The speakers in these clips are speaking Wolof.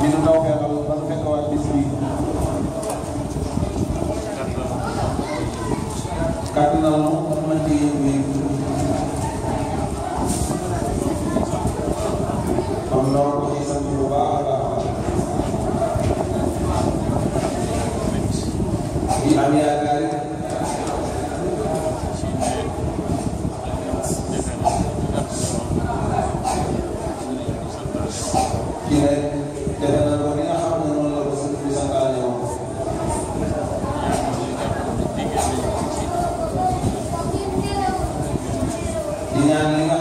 di nu ñaan li nga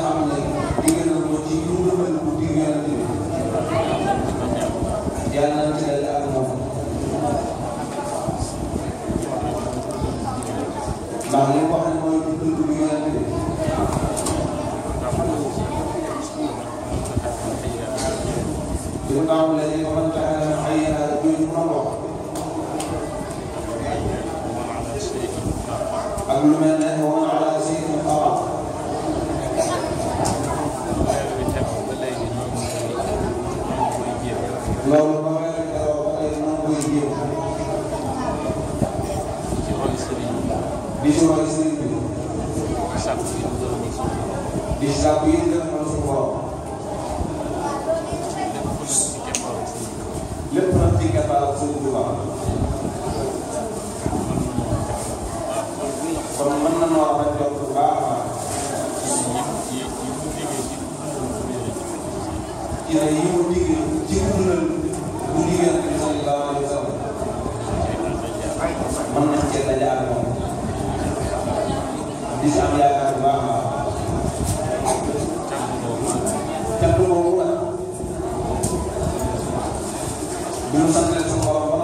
visualizing itu kata Rasulullah disampaikan bahwa canggung belum sampai sekolah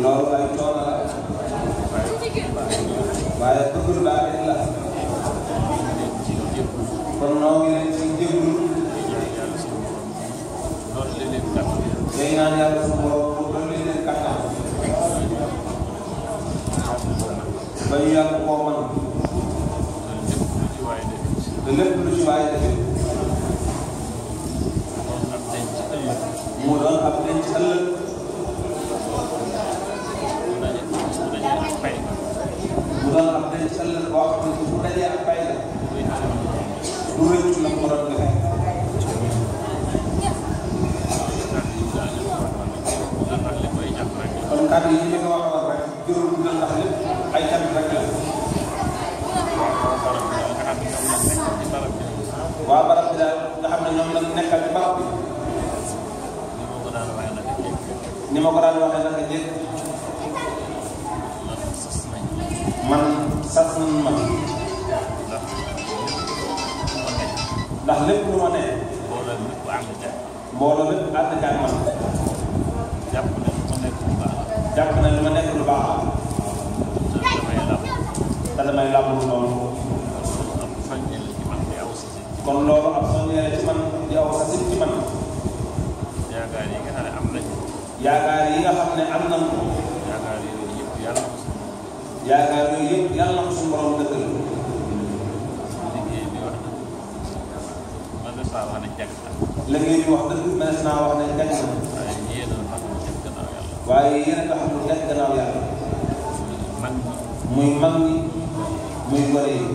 loolu ay coono la waaye bëggul baax rek la kon noo ngi leen ci jéglu day naan yàlla sa borom mu doon leen leen kattan ba ñu yàgg koo man te lépp lu ci waaye defee mu doon ab denc ëllëg Allah abdan ci Allah boo ko jekk man sas nañ ma ndax lépp lu ma ne mbooloo lépp ànd jaay mbooloo man jàpp na ma nekk lu baax jàpp na ma nekk lu baax te damay làmb lu noonu kon loolu ci man di aw sasit ci man yaakaar yi nga xam ne yaakaar yi nga xam ne am nañ ko yaakaar yooyu yëpp yàlla na ko suñu borom dëggal liggéey bi wax dëgg mënees naa wax ne jag na waaye yéen a xamul jag gannaaw yàlla muy mag muy gone yi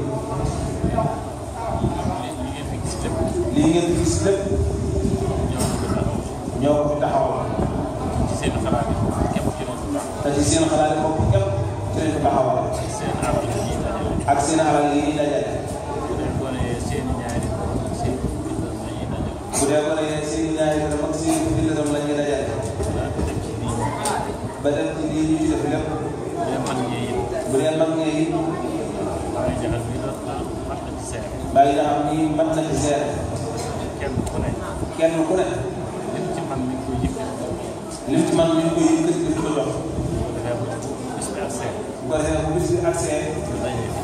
lii ngeen fi gis lépp ak seen alal yi ñuy dajale. bu dee gone yéen seen ñaari dërëm ak seen fukki dërëm la ñuy dajale. ba dem ci lii ñu ci def lépp. bu dee mag ngeen yi. bàyyi la am nii mat na ci seer. kenn ku ne. kenn ku ne. lim ci man mi ngi koy yëkkati. lim ci man mi ngi koy yëkkati di ko jox. bu ko defee bu bis bi accès. bu ko defee bu bis bi accès.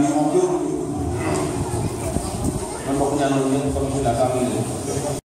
ñu mungkin menunggu perbudakan